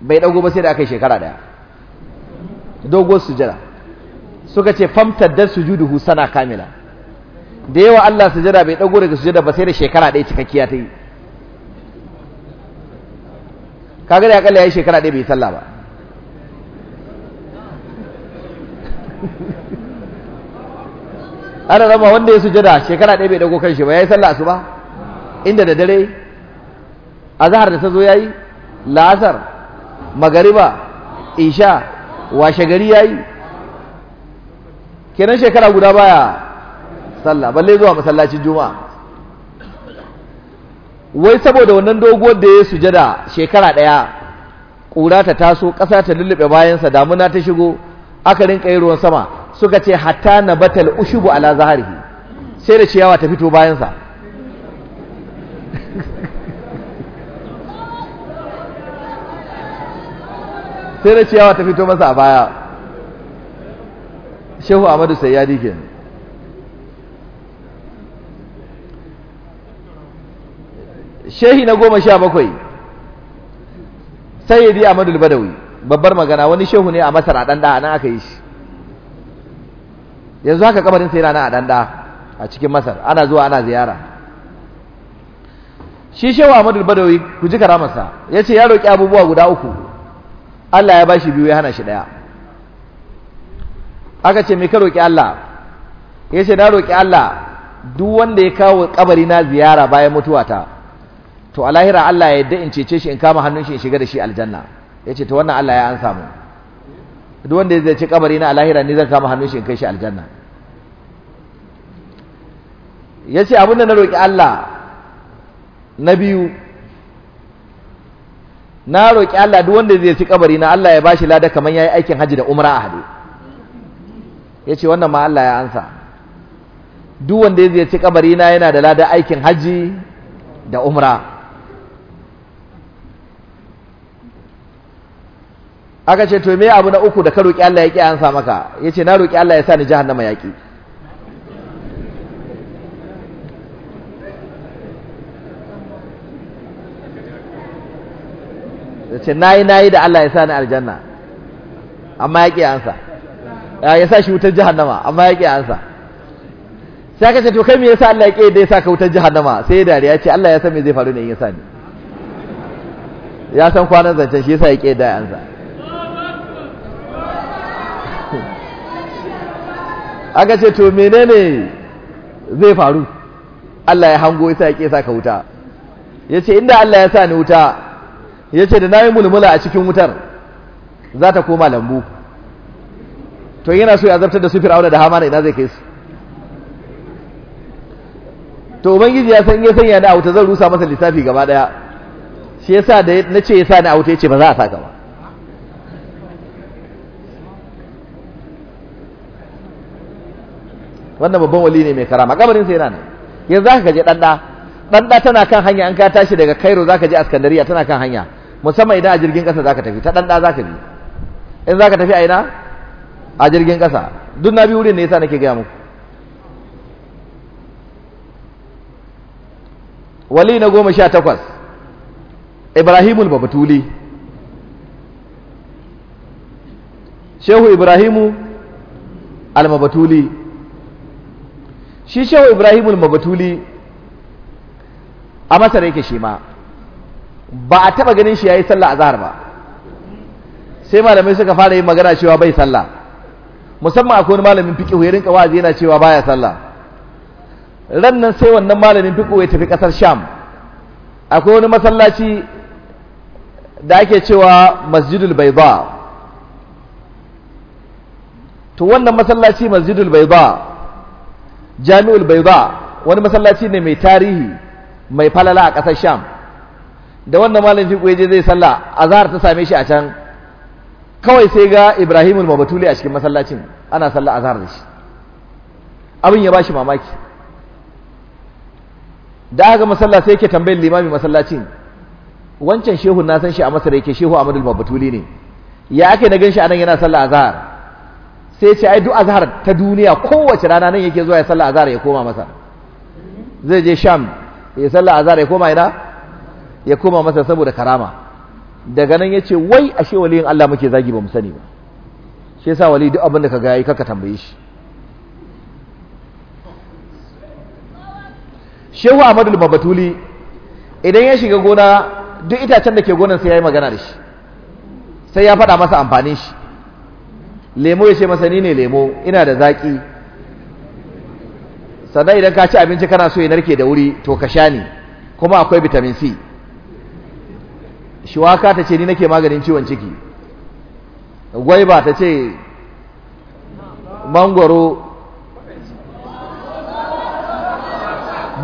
Speaker 3: bai dago ba sai da aka yi shekara daya dogo sujada suka ce su sujuduhu sana kamila da yawa Allah sujada bai dago daga sujada ba sai da shekara daya cikakkiya ta yi kaga da ya kalla ya yi shekara daya bai sallah ba ana zama wanda ya sujada shekara ɗaya bai ɗago kan shi ba ya yi sallah su ba inda da dare zahar da ta zo ya yi la'asar magariba isha washe gari ya yi kenan shekara guda baya sallah balle zuwa masallacin juma'a wai saboda wannan doguwar da ya sujada shekara ɗaya ƙura ta taso ƙasa ta lullube bayansa damuna ta shigo aka rinka yi ruwan sama suka ce hatta na batal ushubu ala zahari sai da ciyawa ta fito bayansa sai da ciyawa ta fito masa a baya shehu amadu ya kenan shehi na goma sha bakwai sayyidi amadu badawi babbar magana wani shehu ne a masar a a nan aka yi shi yanzu haka kabarin sai rana a ɗanɗa a cikin masar ana zuwa ana ziyara shi shehu ahmadu badawi ku ji karamarsa ya ce ya roƙi abubuwa guda uku allah ya bashi biyu ya hana shi ɗaya aka ce me ka roƙi allah ya ce na roƙi allah duk wanda ya kawo kabari na ziyara bayan mutuwata to a lahira allah ya yadda in cece shi in kama hannun shi in shiga da shi aljanna ya ce ta wannan Allah ya an samu duk wanda zai ci kabari na alahira ni zan kama hannun shi in kai shi aljanna ya ce abinda na roƙi Allah na biyu na roƙi Allah duk wanda zai ci kabari na Allah ya bashi lada kaman yayi aikin haji da umra a hade ce wannan ma Allah ya ansa duk wanda zai ci kabari na yana da lada aikin haji da umra aka ce to me abu na uku da ka roki Allah ya ki ansa maka yace na roki Allah ya sa ni jahannama ya na yace nayi nayi da Allah ya sa ni aljanna amma ya ki ansa ya sa shi wutar jahannama amma ya ki ansa sai aka ce to kai me yasa Allah ya ki da ya sa ka wutar jahannama sai dariya ce Allah ya san me zai faru ne in ya sa ni ya san kwanan zancen shi yasa ya ki da ya ansa. aka ce to menene zai faru Allah ya hango isa ya kesa ka wuta ce inda Allah ya sa ni wuta yace da nayi mulmula a cikin wutar za ta koma lambu to yana so ya zartar da su fir'auna da hamana ina zai kai su to ubangiji ya san ya sanya ni a wuta zan rusa masa lissafi gaba daya shi yasa da nace sa ni a wuta yace ba za a saka ba wannan babban wali ne mai karama kabarin sai yana nan yanzu zaka kaje danda danda tana kan hanya an ka tashi daga Cairo zaka je Askandariya tana kan hanya musamman idan a jirgin kasa zaka tafi ta danda zaka bi in zaka tafi a ina a jirgin kasa duk na bi wurin ne yasa nake ga muku wali na goma sha takwas ibrahimul babatuli shehu ibrahimu almabatuli shi shehu ibrahimul mabatuli a masar yake shi ma ba a taba ganin shi ya yi sallah zahar ba sai malamai suka fara yin magana cewa bai sallah musamman akwai wani malamin fiƙi ya rinka wa'azi yana cewa baya sallah ran nan sai wannan malamin fiƙo ya tafi ƙasar sham akwai wani masallaci da ake cewa masjidul ba to wannan masallaci masjidul ba. jami'ul bayda wani masallaci ne mai tarihi mai falala a ƙasar sham da wannan malam fi yaje zai sallah azhar ta same shi a can kawai sai ga ibrahimul mabatuli a cikin masallacin ana sallah azhar da shi abin ya bashi mamaki da aka masalla sai yake tambayin limamin masallacin wancan shehu na san shi a masar yake shehu amadul mabatuli ne ya ake na gan shi anan yana salla azhar sai ce ai duk azhar ta duniya kowace rana nan yake zuwa ya sallah azhar ya koma masa zai je sham ya sallah azhar ya koma ina ya koma masa saboda karama daga nan yace wai ashe waliyin Allah muke zagi ba mu sani ba shi yasa wali duk abin da kaga yayi kaka tambaye shi Shehu Ahmadul Babatuli idan ya shiga gona duk itacen da ke gonan sai yayi magana da shi sai ya faɗa masa amfanin shi lemo ya ce masa ni ne lemo ina da zaƙi sannan idan ka ci abinci kana so ya narke da wuri to ka sha ni kuma akwai vitamin c shiwaka ta ce ni nake maganin ciwon ciki gwaiba ta ce mangoro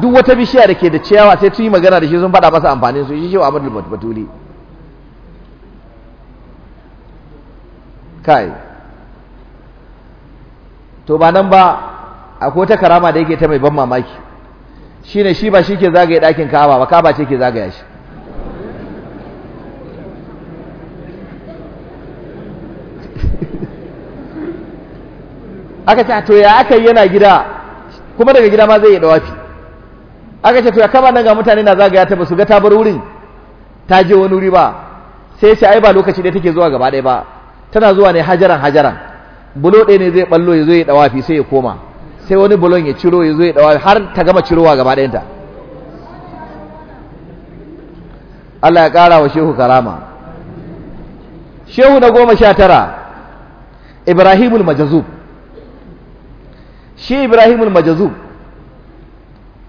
Speaker 3: duk wata bishiya da ke da ciyawa sai tun yi magana da shi sun faɗa masa amfanin su shi shi wa amadu batuli kai to ba nan ba akwai ta karama da yake ta mai ban mamaki shine shi ba shi ke zagaye ɗakin kaba ba kaba ce ke zagaya shi aka ce to ya aka yana gida kuma daga gida ma zai yi dawafi aka ce to ya kaba nan ga mutane na zagaya ta ba su ga ta bar wurin ta je wani wuri ba sai ce ai ba lokaci ɗaya take zuwa gaba ɗaya ba tana zuwa ne hajaran hajaran bulo ɗaya ne zai ballo ya zo ya dawafi sai ya koma sai wani bulon ya ciro ya zo ya dawafi har ta gama cirowa gaba ɗayanta Allah ya ƙara wa shehu karama shehu na goma sha tara ibrahimul majazub shi ibrahimul majazub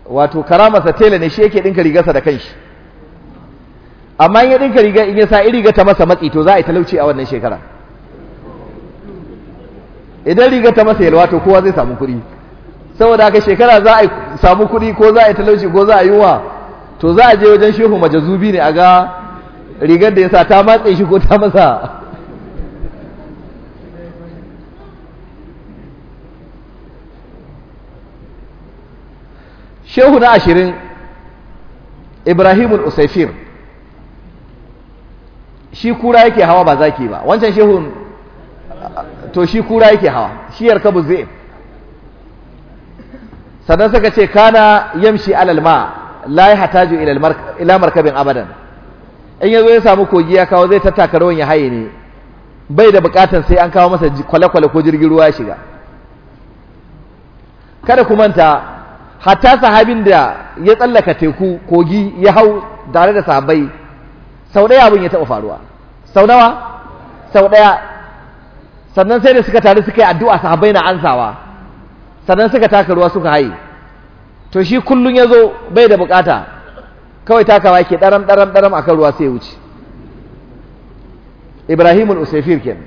Speaker 3: wato karamarsa tela ne shi yake ɗinka rigarsa da kanshi amma in ya ɗinka rigar in ya sa iri ga ta masa matsi to za a yi talauci a wannan shekara idan riga ta masa yalwa to kowa zai samu kuɗi saboda haka shekara za a samu kuɗi ko za a yi talauci ko za a yi wa to za a je wajen shehu majazubi ne a ga rigar da ya sa ta matse shi ko ta masa shehu na ashirin ibrahimu usaifir shi kura yake hawa ba zaki ba wancan shehun to shi kura yake hawa shi ka zai sannan suka ce kana yamshi alalma layi la ila markabin abadan in yazo ya samu kogi ya kawo zai tattaka rawan ya haye ne bai da bukatan sai an kawo masa kwale-kwale ko jirgin ruwa shiga kada ku manta hatta sahabin da ya tsallaka teku kogi ya hau tare da sahabai sau ɗaya abin ya taɓa faruwa sau nawa sau ɗaya sannan sai da suka taru suka yi addu'a sahabbai na ansawa sannan suka taka ruwa suka haye to shi kullum ya zo bai da bukata kawai takawa ɗaram daram daram daram kan ruwa sai wuce Ibrahim usaifir ken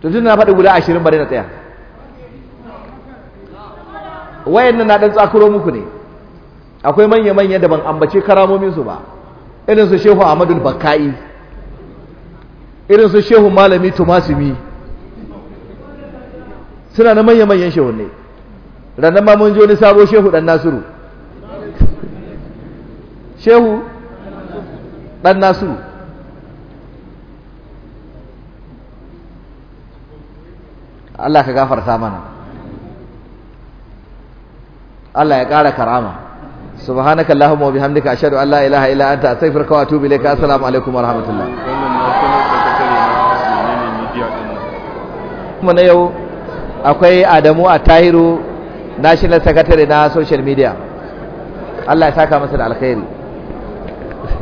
Speaker 3: to tun na faɗi guda ashirin bari na tsaya wayan nan na ɗan tsakuro muku ne akwai manya-manya da ban ambace su ba irin su shehu ahmadul bakka'i irin su shehu malami tumasimi suna na manya-manyan shehu ne ranar ma mun ji wani sabo shehu dan nasiru shehu dan nasiru Allah ka gafarta mana Allah ya ƙara karama subhanaka allahumma wa bihamdika ashhadu an la ilaha illa anta astaghfiruka wa atubu ilayka assalamu alaikum wa
Speaker 2: rahmatullah
Speaker 3: mu na yau akwai Adamu a Tahiru national secretary na social media Allah ya saka masa da alkhairi